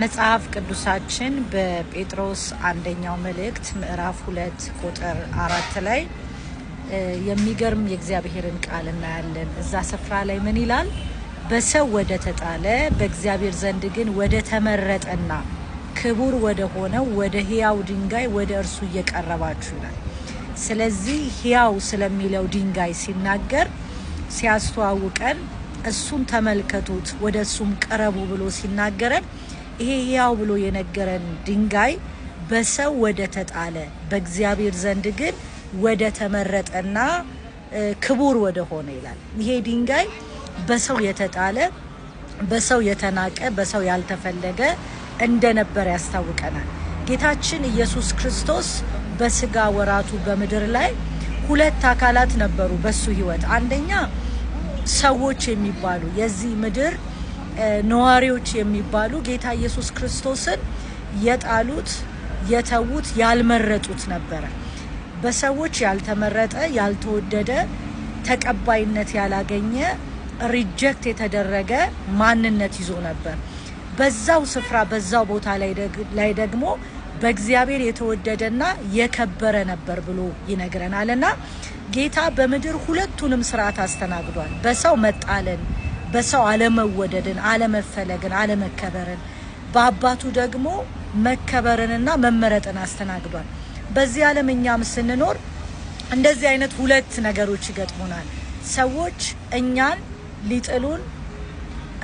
መጽሐፍ ቅዱሳችን በጴጥሮስ አንደኛው መልእክት ምዕራፍ ሁለት ቁጥር አራት ላይ የሚገርም የእግዚአብሔርን ቃል እናያለን። እዛ ስፍራ ላይ ምን ይላል? በሰው ወደ ተጣለ በእግዚአብሔር ዘንድ ግን ወደ ተመረጠና ክቡር ወደ ሆነው ወደ ሕያው ድንጋይ ወደ እርሱ እየቀረባችሁ ይላል። ስለዚህ ሕያው ስለሚለው ድንጋይ ሲናገር ሲያስተዋውቀን እሱን ተመልከቱት ወደ እሱም ቅረቡ ብሎ ሲናገረን ይሄ ያው ብሎ የነገረን ድንጋይ በሰው ወደ ተጣለ በእግዚአብሔር ዘንድ ግን ወደ ተመረጠና ክቡር ወደ ሆነ ይላል። ይሄ ድንጋይ በሰው የተጣለ በሰው የተናቀ በሰው ያልተፈለገ እንደነበር ያስታውቀናል። ጌታችን ኢየሱስ ክርስቶስ በስጋ ወራቱ በምድር ላይ ሁለት አካላት ነበሩ በሱ ህይወት አንደኛ ሰዎች የሚባሉ የዚህ ምድር ነዋሪዎች የሚባሉ ጌታ ኢየሱስ ክርስቶስን የጣሉት የተዉት፣ ያልመረጡት ነበረ። በሰዎች ያልተመረጠ፣ ያልተወደደ፣ ተቀባይነት ያላገኘ፣ ሪጀክት የተደረገ ማንነት ይዞ ነበር። በዛው ስፍራ በዛው ቦታ ላይ ደግሞ በእግዚአብሔር የተወደደና የከበረ ነበር ብሎ ይነግረናል። እና ጌታ በምድር ሁለቱንም ስርዓት አስተናግዷል። በሰው መጣልን በሰው አለመወደድን፣ አለመፈለግን፣ አለመከበርን በአባቱ ደግሞ መከበርንና መመረጥን አስተናግዷል። በዚህ ዓለም እኛም ስንኖር እንደዚህ አይነት ሁለት ነገሮች ይገጥሙናል። ሰዎች እኛን ሊጥሉን፣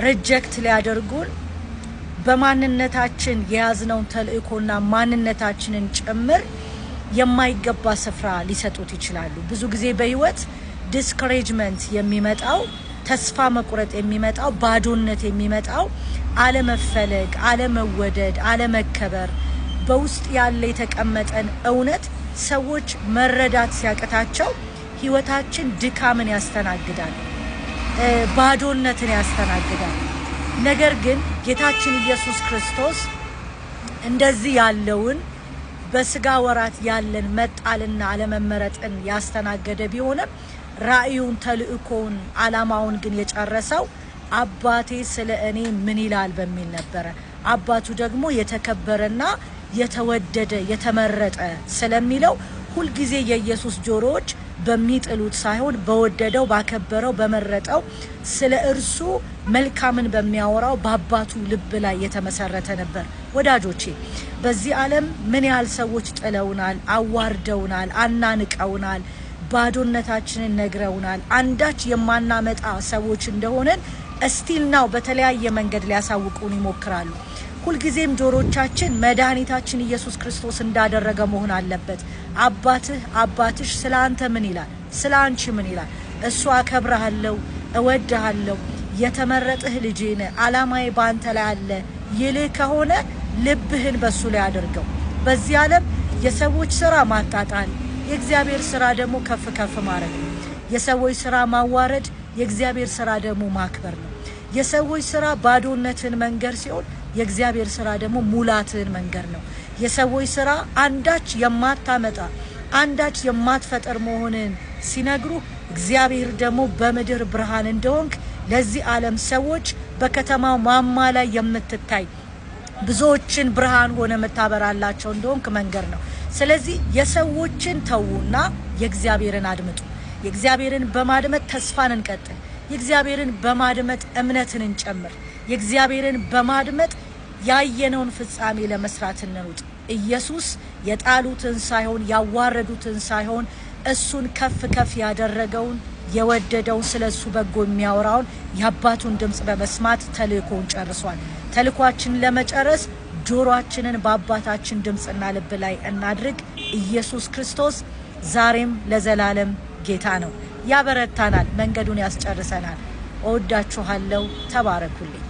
ሪጀክት ሊያደርጉን በማንነታችን የያዝነውን ተልእኮና ማንነታችንን ጭምር የማይገባ ስፍራ ሊሰጡት ይችላሉ። ብዙ ጊዜ በህይወት ዲስከሬጅመንት የሚመጣው ተስፋ መቁረጥ የሚመጣው ባዶነት የሚመጣው አለመፈለግ፣ አለመወደድ፣ አለመከበር በውስጥ ያለ የተቀመጠን እውነት ሰዎች መረዳት ሲያቅታቸው ህይወታችን ድካምን ያስተናግዳል፣ ባዶነትን ያስተናግዳል። ነገር ግን ጌታችን ኢየሱስ ክርስቶስ እንደዚህ ያለውን በስጋ ወራት ያለን መጣልና አለመመረጥን ያስተናገደ ቢሆንም ራእዩን፣ ተልእኮውን፣ አላማውን ግን የጨረሰው አባቴ ስለ እኔ ምን ይላል በሚል ነበረ። አባቱ ደግሞ የተከበረና የተወደደ የተመረጠ ስለሚለው ሁልጊዜ የኢየሱስ ጆሮዎች በሚጥሉት ሳይሆን በወደደው ባከበረው በመረጠው ስለ እርሱ መልካምን በሚያወራው በአባቱ ልብ ላይ የተመሰረተ ነበር። ወዳጆቼ በዚህ ዓለም ምን ያህል ሰዎች ጥለውናል፣ አዋርደውናል፣ አናንቀውናል፣ ባዶነታችንን ነግረውናል፣ አንዳች የማናመጣ ሰዎች እንደሆነን እስቲል ናው በተለያየ መንገድ ሊያሳውቁን ይሞክራሉ። ሁልጊዜም ጆሮቻችን መድኃኒታችን ኢየሱስ ክርስቶስ እንዳደረገ መሆን አለበት። አባትህ አባትሽ ስለ አንተ ምን ይላል? ስለ አንቺ ምን ይላል? እሱ አከብረሃለሁ፣ እወድሃለሁ፣ የተመረጥህ ልጄ ነህ፣ አላማዬ በአንተ ላይ አለ ይልህ ከሆነ ልብህን በሱ ላይ አድርገው። በዚህ ዓለም የሰዎች ስራ ማጣጣል፣ የእግዚአብሔር ስራ ደግሞ ከፍ ከፍ ማድረግ ነው። የሰዎች ስራ ማዋረድ፣ የእግዚአብሔር ስራ ደግሞ ማክበር ነው። የሰዎች ስራ ባዶነትን መንገር ሲሆን የእግዚአብሔር ስራ ደግሞ ሙላትን መንገር ነው። የሰዎች ስራ አንዳች የማታመጣ አንዳች የማትፈጠር መሆንን ሲነግሩ እግዚአብሔር ደግሞ በምድር ብርሃን እንደሆንክ ለዚህ ዓለም ሰዎች በከተማ ማማ ላይ የምትታይ ብዙዎችን ብርሃን ሆነ የምታበራላቸው እንደሆንክ መንገድ ነው። ስለዚህ የሰዎችን ተዉና የእግዚአብሔርን አድምጡ። የእግዚአብሔርን በማድመጥ ተስፋን እንቀጥል። የእግዚአብሔርን በማድመጥ እምነትን እንጨምር። የእግዚአብሔርን በማድመጥ ያየነውን ፍጻሜ ለመስራት እንሩጥ። ኢየሱስ የጣሉትን ሳይሆን ያዋረዱትን ሳይሆን እሱን ከፍ ከፍ ያደረገውን የወደደውን ስለ እሱ በጎ የሚያወራውን የአባቱን ድምፅ በመስማት ተልእኮውን ጨርሷል። ተልኳችንን ለመጨረስ ጆሮአችንን በአባታችን ድምፅና ልብ ላይ እናድርግ። ኢየሱስ ክርስቶስ ዛሬም ለዘላለም ጌታ ነው። ያበረታናል፣ መንገዱን ያስጨርሰናል። እወዳችኋለሁ። ተባረኩልኝ።